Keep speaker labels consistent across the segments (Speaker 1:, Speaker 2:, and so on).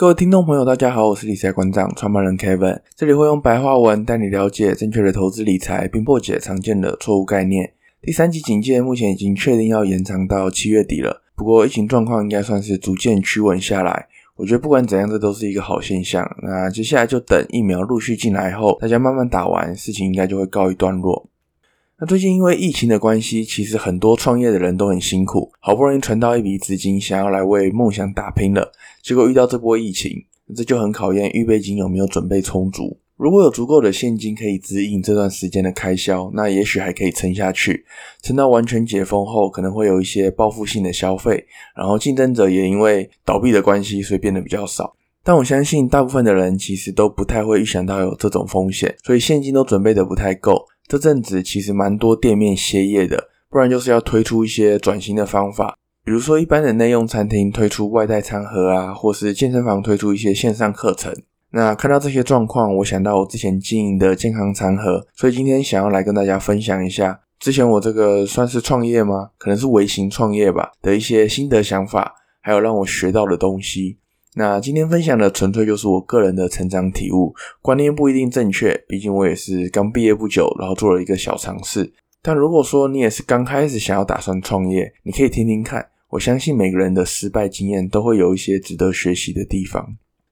Speaker 1: 各位聽眾朋友，大家好，我是理財館長創辦人 Kevin，這裡會用白話文帶你了解正確的投資理財，並破解常見的錯誤概念。第三級警戒目前已經確定要延長到七月底了，不過疫情狀況應該算是逐漸趨穩下來，我覺得不管怎樣，這都是一個好現象。那接下來就等疫苗陸續進來後，大家慢慢打完，事情應該就會告一段落。那最近因為疫情的關係，其實很多創業的人都很辛苦，好不容易存到一筆資金，想要來為夢想打拼了，結果遇到這波疫情，這就很考驗預備金有沒有準備充足。如果有足夠的現金可以支應這段時間的開銷，那也許還可以撐下去，撐到完全解封後，可能會有一些報復性的消費。然後競爭者也因為倒閉的關係，所以變得比較少。但我相信，大部分的人其實都不太會預想到有這種風險，所以現金都準備得不太夠。這陣子其實蠻多店面歇業的，不然就是要推出一些轉型的方法，比如說一般的內用餐廳推出外帶餐盒啊，或是健身房推出一些線上課程。那看到這些狀況，我想到我之前經營的健康餐盒，所以今天想要來跟大家分享一下之前我這個算是創業嗎？可能是微型創業吧的一些心得想法，還有讓我學到的東西。那今天分享的純粹就是我個人的成長體悟，觀念不一定正確，畢竟我也是剛畢業不久，然後做了一個小嘗試。但如果說你也是剛開始想要打算創業，你可以聽聽看，我相信每個人的失敗經驗都會有一些值得學習的地方。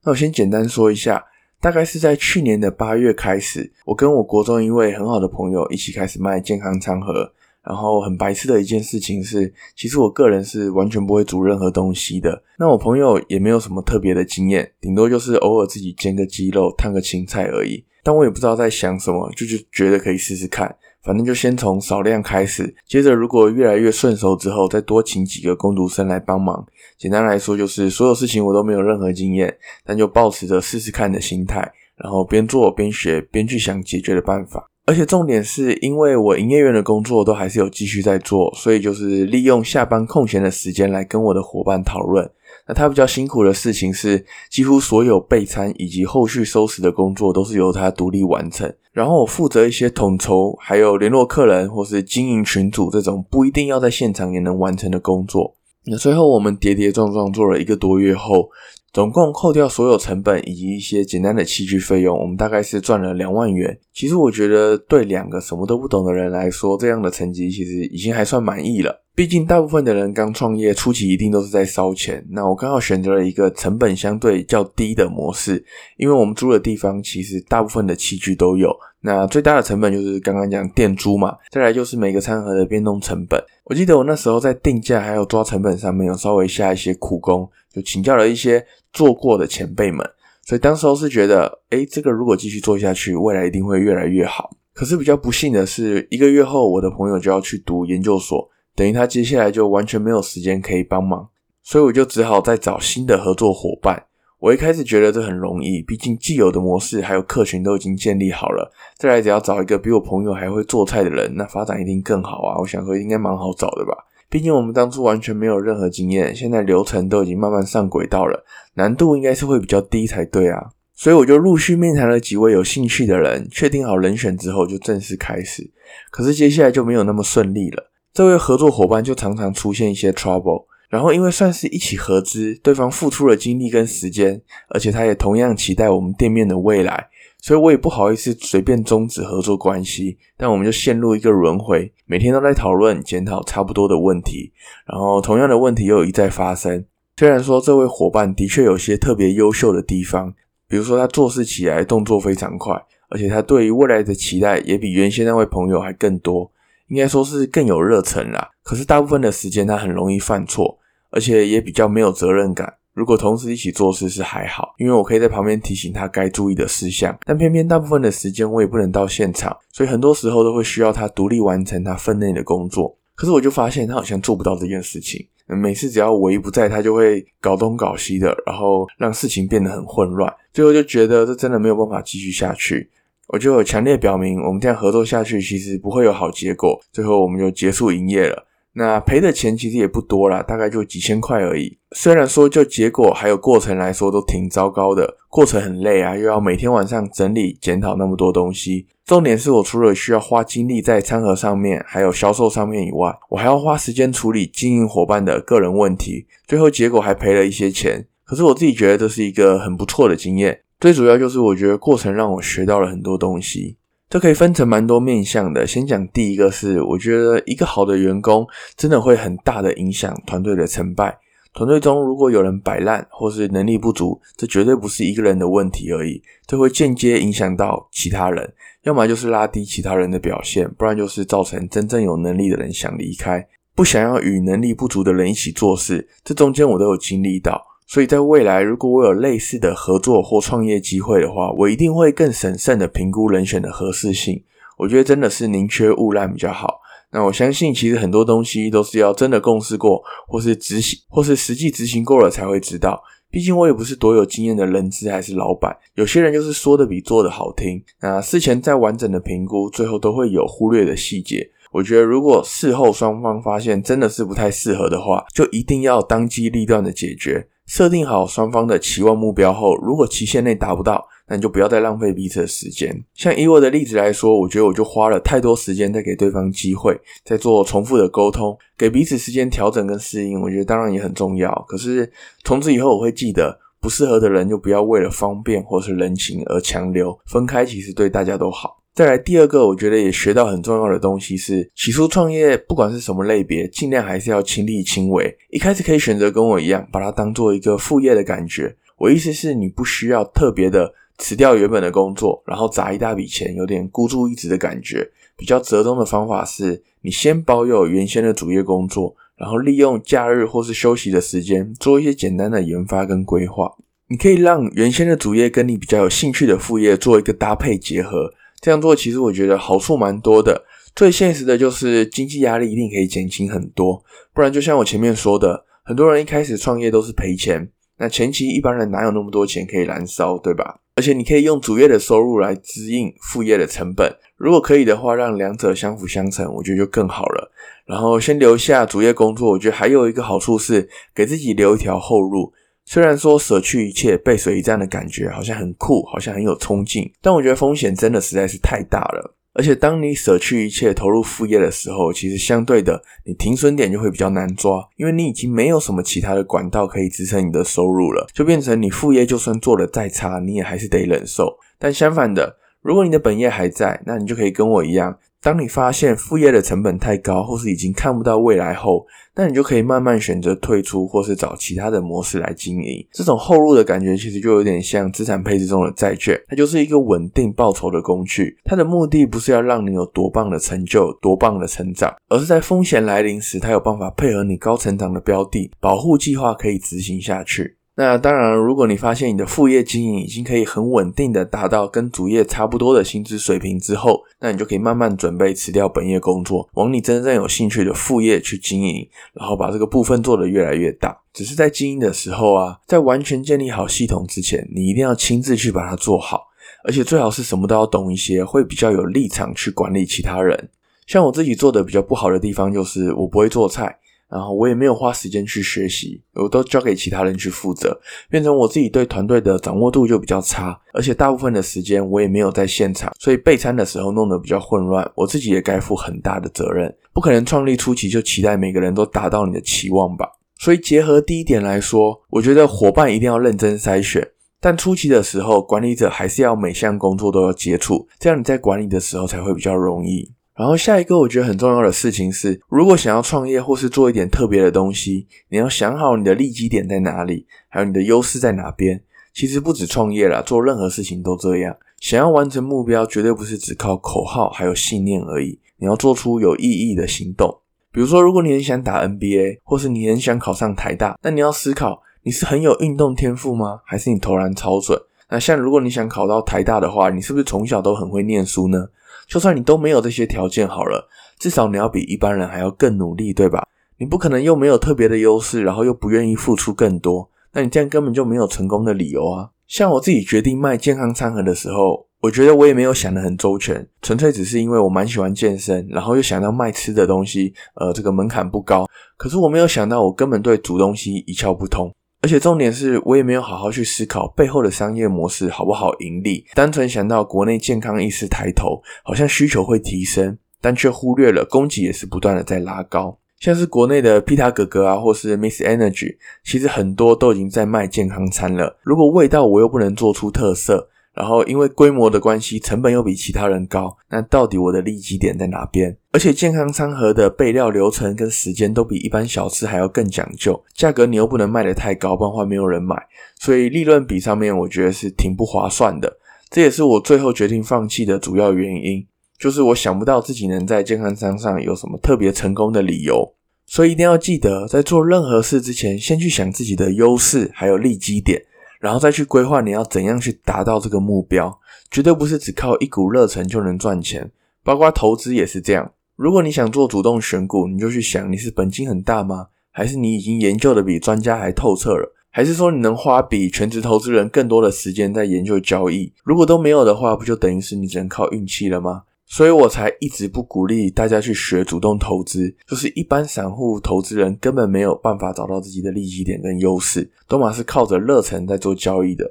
Speaker 1: 那我先簡單說一下，大概是在去年的八月開始，我跟我國中一位很好的朋友一起開始賣健康餐盒。然後很白痴的一件事情是，其實我個人是完全不會煮任何東西的。那我朋友也沒有什麼特別的經驗，頂多就是偶爾自己煎個雞肉、燙個青菜而已。但我也不知道在想什麼，就是覺得可以試試看，反正就先從少量開始。接着如果越來越順手之後，再多請幾個工讀生來幫忙。簡單來說，就是所有事情我都沒有任何經驗，但就抱持着試試看的心態，然後邊做邊學，邊去想解決的辦法。而且重點是，因為我營業員的工作都還是有繼續在做，所以就是利用下班空閒的時間來跟我的夥伴討論。那他比較辛苦的事情是，幾乎所有備餐以及後續收拾的工作都是由他獨立完成，然後我負責一些統籌，還有聯絡客人或是經營群組這種不一定要在現場也能完成的工作。那最後我們跌跌撞撞做了一個多月後。總共扣掉所有成本以及一些簡單的器具費用，我們大概是賺了兩萬元。其實我覺得，對兩個什麼都不懂的人來說，這樣的成績其實已經還算滿意了。畢竟大部分的人剛創業初期一定都是在燒錢。那我剛好選擇了一個成本相對較低的模式，因為我們租的地方其實大部分的器具都有。那最大的成本就是剛剛講店租嘛，再來就是每個餐盒的變動成本。我記得我那時候在定價還有抓成本上面，有稍微下一些苦功。就請教了一些做過的前輩們，所以當時候是覺得，哎、欸，這個如果繼續做下去，未來一定會越來越好。可是比較不幸的是，一個月後我的朋友就要去讀研究所，等於他接下來就完全沒有時間可以幫忙，所以我就只好再找新的合作夥伴。我一開始覺得這很容易，畢竟既有的模式還有客群都已經建立好了，再來只要找一個比我朋友還會做菜的人，那發展一定更好啊！我想說應該蠻好找的吧。畢竟我們當初完全沒有任何經驗，現在流程都已經慢慢上軌道了，難度應該是會比較低才對啊。所以我就陸續面談了幾位有興趣的人，確定好人選之後就正式開始。可是接下來就沒有那麼順利了，這位合作夥伴就常常出現一些 trouble。然後因為算是一起合資，對方付出了精力跟時間，而且他也同樣期待我們店面的未來。所以，我也不好意思隨便終止合作關係，但我們就陷入一個輪迴，每天都在討論、檢討差不多的問題，然後同樣的問題又一再發生。雖然說這位夥伴的確有些特別優秀的地方，比如說他做事起來動作非常快，而且他對於未來的期待也比原先那位朋友還更多，應該說是更有熱忱啦。可是，大部分的時間他很容易犯錯，而且也比較沒有責任感。如果同時一起做事是還好，因為我可以在旁邊提醒他該注意的事項。但偏偏大部分的時間我也不能到現場，所以很多時候都會需要他獨立完成他分內的工作。可是我就發現他好像做不到這件事情。每次只要我一不在，他就會搞東搞西的，然後讓事情變得很混亂。最後就覺得這真的沒有辦法繼續下去，我就有強烈表明我們這樣合作下去其實不會有好結果。最後我們就結束營業了。那賠的錢其實也不多啦，大概就幾千塊而已。雖然說就結果還有過程來說都挺糟糕的，過程很累啊，又要每天晚上整理檢討那麼多東西。重點是我除了需要花精力在餐盒上面，還有銷售上面以外，我還要花時間處理經營夥伴的個人問題。最後結果還賠了一些錢，可是我自己覺得這是一個很不錯的經驗。最主要就是我覺得過程讓我學到了很多東西。這可以分成蠻多面向的。先講第一個是，我覺得一個好的員工真的會很大的影響團隊的成敗。團隊中如果有人擺爛或是能力不足，這絕對不是一個人的問題而已，這會間接影響到其他人，要麼就是拉低其他人的表現，不然就是造成真正有能力的人想離開，不想要與能力不足的人一起做事。這中間我都有經歷到。所以在未來，如果我有類似的合作或創業機會的話，我一定會更審慎的評估人選的合適性。我覺得真的是寧缺毋濫比較好。那我相信，其實很多東西都是要真的共事過，或是執行，或是實際執行過了才會知道。畢竟我也不是多有經驗的人資還是老板，有些人就是說的比做的好聽。那事前再完整的評估，最後都會有忽略的細節。我覺得如果事後雙方發現真的是不太適合的話，就一定要當機立斷的解決。設定好雙方的期望目標後，如果期限內達不到，那你就不要再浪費彼此的時間。像以我的例子來說，我覺得我就花了太多時間在給對方機會，在做重複的溝通，給彼此時間調整跟適應，我覺得當然也很重要。可是從此以後，我會記得不適合的人就不要為了方便或是人情而強留，分開其實對大家都好。再來第二個，我覺得也學到很重要的東西是：起初創業，不管是什麼類別，儘量還是要親力親為。一開始可以選擇跟我一樣，把它當做一個副業的感覺。我意思是你不需要特別的辭掉原本的工作，然後砸一大筆錢，有點孤注一擲的感覺。比較折中的方法是，你先保有原先的主業工作，然後利用假日或是休息的時間做一些簡單的研發跟規劃。你可以讓原先的主業跟你比較有興趣的副業做一個搭配結合。這樣做其實我覺得好處蠻多的，最現實的就是經濟壓力一定可以減輕很多，不然就像我前面說的，很多人一開始創業都是賠錢，那前期一般人哪有那麼多錢可以燃燒，對吧？而且你可以用主業的收入來支應副業的成本，如果可以的話，讓兩者相輔相成，我覺得就更好了。然後先留下主業工作，我覺得還有一個好處是給自己留一條後路。雖然說舍去一切背水一戰的感覺好像很酷，好像很有衝勁，但我覺得風險真的實在是太大了。而且當你舍去一切投入副業的時候，其實相對的，你停損點就會比較難抓，因為你已經沒有什麼其他的管道可以支撐你的收入了，就變成你副業就算做得再差，你也還是得忍受。但相反的，如果你的本業還在，那你就可以跟我一樣。當你發現副業的成本太高，或是已經看不到未來後，那你就可以慢慢選擇退出，或是找其他的模式來經營。這種後路的感覺，其實就有點像資產配置中的債券，它就是一個穩定報酬的工具。它的目的不是要讓你有多棒的成就、多棒的成長，而是在風險來臨時，它有辦法配合你高成長的標的，保護計劃可以執行下去。那當然，如果你發現你的副業經營已經可以很穩定的達到跟主業差不多的薪資水平之後，那你就可以慢慢準備辭掉本業工作，往你真正有興趣的副業去經營，然後把這個部分做得越來越大。只是在經營的時候啊，在完全建立好系統之前，你一定要親自去把它做好，而且最好是什麼都要懂一些，會比較有立場去管理其他人。像我自己做的比較不好的地方，就是我不會做菜。然後我也沒有花時間去學習，我都交給其他人去負責，變成我自己對團隊的掌握度就比較差，而且大部分的時間我也沒有在現場，所以備餐的時候弄得比較混亂，我自己也該負很大的責任，不可能創立初期就期待每個人都達到你的期望吧。所以結合第一點來說，我覺得夥伴一定要認真篩選，但初期的時候，管理者還是要每項工作都要接觸，這樣你在管理的時候才會比較容易。然後下一個我覺得很重要的事情是，如果想要創業或是做一點特別的東西，你要想好你的利基點在哪裡，還有你的優勢在哪邊。其實不止創業啦，做任何事情都這樣。想要完成目標，絕對不是只靠口號還有信念而已。你要做出有意義的行動。比如說，如果你很想打 NBA，或是你很想考上台大，但你要思考，你是很有運動天賦嗎？還是你投籃超準？那像如果你想考到台大的話，你是不是從小都很會念書呢？就算你都沒有這些條件好了，至少你要比一般人還要更努力，對吧？你不可能又沒有特別的優勢，然後又不願意付出更多，那你這樣根本就沒有成功的理由啊！像我自己決定賣健康餐盒的時候，我覺得我也沒有想得很周全，純粹只是因為我蠻喜歡健身，然後又想到賣吃的東西，呃，這個門檻不高。可是我沒有想到，我根本對煮東西一竅不通。而且重點是我也沒有好好去思考背後的商業模式好不好盈利，單純想到國內健康意識抬頭，好像需求會提升，但卻忽略了供給也是不斷的在拉高，像是國內的 Pita 哥哥啊，或是 Miss Energy，其實很多都已經在賣健康餐了。如果味道我又不能做出特色。然後因為規模的關係，成本又比其他人高，那到底我的利基點在哪邊？而且健康餐盒的備料流程跟時間都比一般小吃還要更講究，價格你又不能賣得太高，不然話沒有人買，所以利潤比上面我覺得是挺不划算的。這也是我最後決定放棄的主要原因，就是我想不到自己能在健康餐上有什麼特別成功的理由。所以一定要記得，在做任何事之前，先去想自己的優勢還有利基點。然後再去規劃你要怎樣去達到這個目標，絕對不是只靠一股熱忱就能賺錢，包括投資也是這樣。如果你想做主動選股，你就去想你是本金很大嗎？還是你已經研究的比專家還透徹了？還是說你能花比全職投資人更多的時間在研究交易？如果都沒有的話，不就等於是你只能靠運氣了嗎？所以我才一直不鼓勵大家去學主動投資，就是一般散戶投資人根本沒有辦法找到自己的利基點跟優勢，都馬是靠着熱忱在做交易的。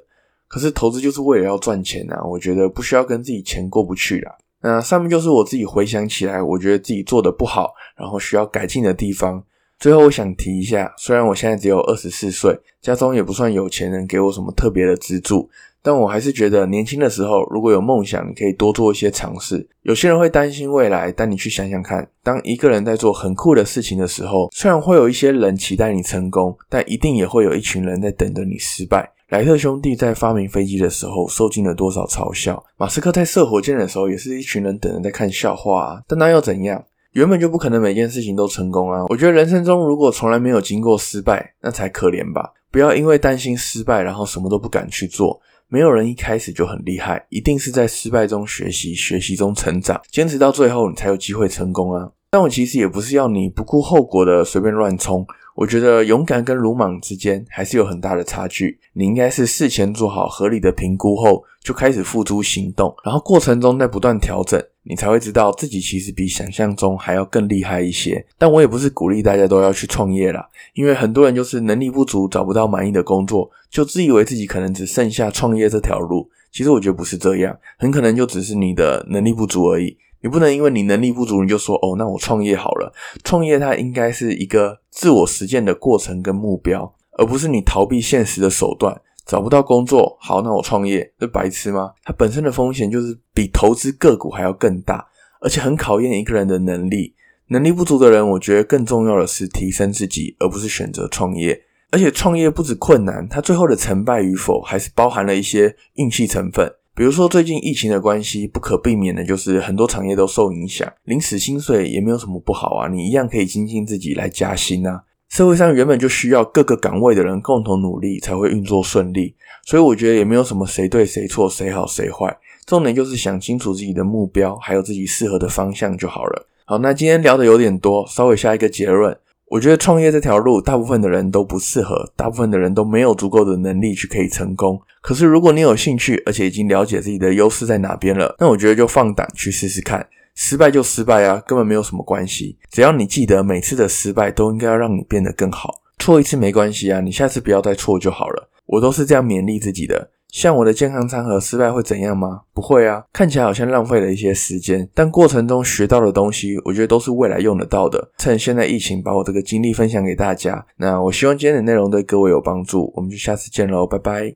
Speaker 1: 可是投資就是為了要賺錢啊，我覺得不需要跟自己錢過不去啦。那上面就是我自己回想起來，我覺得自己做的不好，然後需要改進的地方。最後我想提一下，雖然我現在只有二十四歲，家中也不算有錢，能給我什麼特別的資助。但我還是覺得，年輕的時候如果有夢想，你可以多做一些嘗試。有些人會擔心未來，但你去想想看，當一個人在做很酷的事情的時候，雖然會有一些人期待你成功，但一定也會有一群人在等着你失敗。萊特兄弟在發明飛機的時候，受盡了多少嘲笑；馬斯克在射火箭的時候，也是一群人等着在看笑話啊。但那又怎樣？原本就不可能每件事情都成功啊！我覺得人生中如果從來沒有經過失敗，那才可憐吧。不要因為擔心失敗，然後什麼都不敢去做。沒有人一開始就很厲害，一定是在失敗中學習，學習中成長，堅持到最後，你才有機會成功啊。但我其實也不是要你不顧後果的隨便亂衝。我覺得勇敢跟魯莽之間還是有很大的差距。你應該是事前做好合理的評估後，就開始付諸行動，然後過程中在不斷調整，你才會知道自己其實比想象中還要更厲害一些。但我也不是鼓勵大家都要去創業啦，因為很多人就是能力不足，找不到滿意的工作，就自以為自己可能只剩下創業這條路。其實我覺得不是這樣，很可能就只是你的能力不足而已。你不能因為你能力不足，你就說哦，那我創業好了。創業它應該是一個自我實踐的過程跟目標，而不是你逃避現實的手段。找不到工作，好，那我創業，這白痴嗎？它本身的風險就是比投資個股還要更大，而且很考驗一個人的能力。能力不足的人，我覺得更重要的是提升自己，而不是選擇創業。而且創業不止困難，它最後的成敗與否，還是包含了一些運氣成分。比如說，最近疫情的關係，不可避免的，就是很多產業都受影響。領死薪水也沒有什麼不好啊，你一樣可以精進自己來加薪啊。社會上原本就需要各個崗位的人共同努力才會運作順利，所以我覺得也沒有什麼誰對誰錯，誰好誰壞。重點就是想清楚自己的目標，還有自己適合的方向就好了。好，那今天聊的有點多，稍微下一個結論。我覺得創業這條路，大部分的人都不適合，大部分的人都沒有足夠的能力去可以成功。可是如果你有興趣，而且已經了解自己的優勢在哪邊了，那我覺得就放膽去試試看。失敗就失敗啊，根本沒有什麼關係。只要你記得每次的失敗都應該要讓你變得更好。錯一次沒關係啊，你下次不要再錯就好了。我都是這樣勉勵自己的。像我的健康餐盒失敗會怎樣嗎？不會啊，看起來好像浪費了一些時間，但過程中學到的東西，我覺得都是未來用得到的。趁現在疫情，把我這個經歷分享給大家。那我希望今天的內容對各位有幫助，我們就下次見嘍，拜拜。